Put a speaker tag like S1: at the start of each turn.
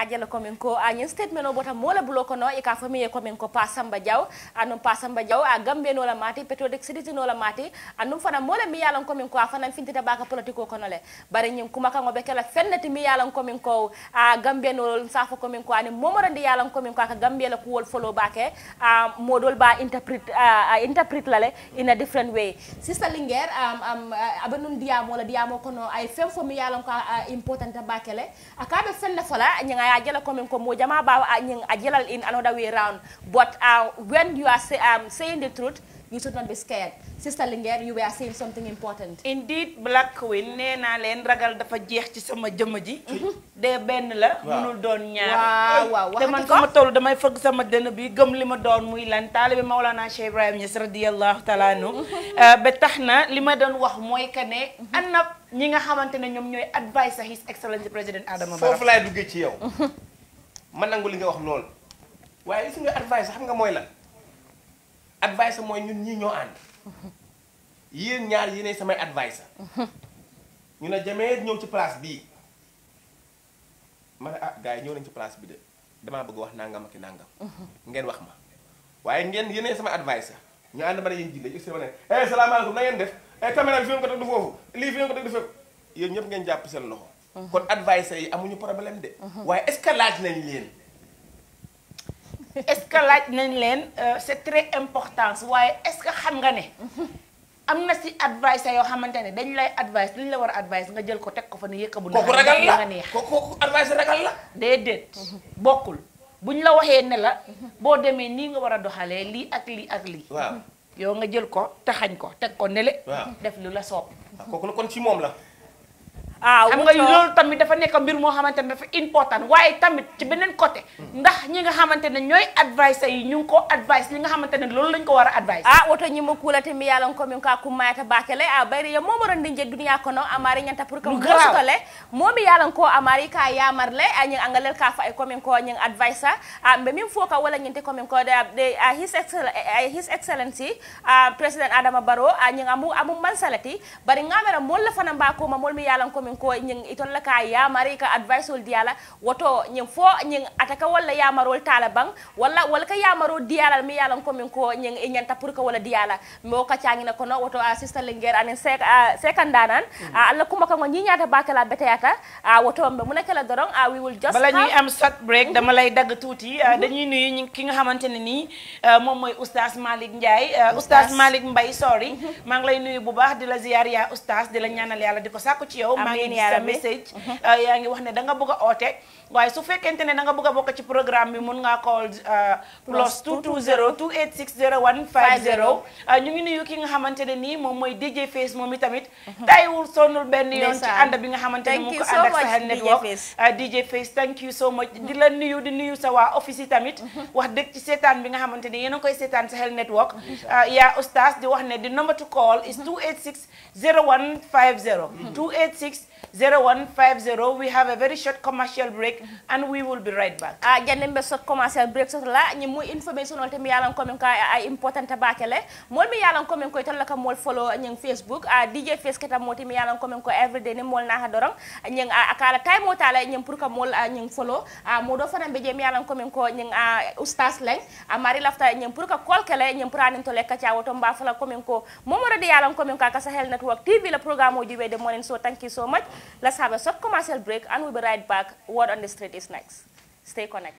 S1: ajala komin ko añin statement o bota mola bulo kono e ka famiye komin ko pa samba diaw anum pa samba diaw a gambe nola mati petrodek mati fana mola mi yalan a fana fintita baka politiko kono le bare ñin kuma kango be kala fennati mi yalan komin a gambe safo yalan gambe la kuwol folo bake a modol ba interpret a interpret in a different way sister linger am am abanun diamo la diamo kono ay fem fo mi yalan ko important akabe fenna I come, coming komo jama ba ajala in another way around. But uh, when you are say, um, saying the truth, you should not be scared. Sister Linger, you were saying something important. Indeed,
S2: Black Queen, nee naa leen ragal dafa jeex ci sama jëm ji. Mhm. Dé ben la. mënul doon ñaar. waaw waaw Té man sama tollu damay fëgg sama dënn bi gëm lima doon muy lan talibé Maulana Cheikh Ibrahim Niass radiyallahu taala mhm. Euh ba taxna lima doon wax moy ka né mhm. anna ñi nga xamante ne ñoom advice his Excellency President Adama Barrow. Fofu lay
S3: duggé ci yow. man nangul li nga wax lool. Waye gis nga advice xam nga moy lan. advice mooy ñun ñii ñoo ànd yéen ñaar yéenay samay advice ñu ne Jamil ñëw ci place bii ma ne ah ñëw nañ ci place bi de damaa bëgg wax nangam ak nangam. ngeen wax ma waaye ngeen yéenay samay advice ñu ànd ma ne yéen jii de ma ne na ngeen def eh caméra bi fi ngeen ko teg fi ngeen ko teg du ñëpp ngeen jàpp seen loxo. kon advice yi amuñu problème de. waaye est que laaj nañ leen.
S2: est-ce que laaj nañ leen euh, c'est très important waaye est-ce que xam nga ne am na si advice yoo xamante ne dañ lay advice li ñu la war a advice nga jël ko teg ko fa ne yëkka bu kooku ragal la nga neex kooku advice ragal la déedéet bokkul bu ñu la waxee ne la boo demee nii nga war a doxalee lii ak lii ak lii waaw yow nga jël ko taxañ ko teg ko nele def lu la soob ah, kooku la kon ci moom la Ah, xam nga loolu tamit dafa nekk mbir moo xamante ne dafa important waaye
S1: tamit ci beneen côté ndax ñi nga xamante ne ñooy advice yi ñu ngi ko advice li nga xamante ne loolu lañ ko war a advice ah, ah, a woto ñima kuulate mi yalon komin ka kummayata bakele a bayri yo momoronde je duniya kono amari ñanta pour que mosutole momi yalon ko amari ka yamarle a ñing angalel ka fa e komin ko ñing advice a mbe min fo ka wala ñinte komin ko de a his excellence his excellency a president adama baro a ñing amu amu mansalati bari ngamera mol la fana mbako ma mol mi yalon komin min ko ñin itolla ka yamari ka advice ol diyala woto ñin fo ñin ataka walla yamarol tala ban walla walla ka yamaro diyala mi yalan ko ka cangina kono woto a ah, sister linguer anen sek ah, sekandanan mm. a ah, alla kuma kango ñiñata bakala beteyata a woto mbe mu nekkala doron a we will just bala mm-hmm. mm-hmm. ki nga xamante ne nii moom mooy oustaz
S2: Malick Ndiaye oustaz Malick Mbaye sorry mm-hmm. maa ngi lay nuyu bu di la ziyaar yaa oustaz di la ñaanal yàlla di ko sàkku ci yow envoyé sa message mhm. ah, yaa ngi wax ne da nga bëgg a oote waaye su fekkente ne da nga bëgg a bokk ci programme bi mun ngaa call ah, plus 220 286 0150 ñu ngi nuyu ki nga xamante ne nii moom mooy DJ Face moom itamit mhm. tàyyiwul sonnul benn yoon ci ànd bi nga xamante ne mu ko ànd ak Sahel Network ah, DJ Face thank you so much di la nuyu di nuyu sa waa office yi tamit mhm. wax dëgg ci seetaan bi nga xamante ne yéen a koy seetaan Sahel Network yaa oustaz di wax ne di number to call is 0150 we have a very short commercial break and we will
S1: be a jannimɓe so a importante bakele mol mi yalan komin koye tolla kam mol a dj face ketam moti mi yalan komin ko ah, everyday ni mol naha dorong ñing a ah, kala time ah, ko a ka kol de yalan network tv la programme o de monen so thank you so much Let's have a short commercial break and we'll be right back. What on the Street is next. Stay connected.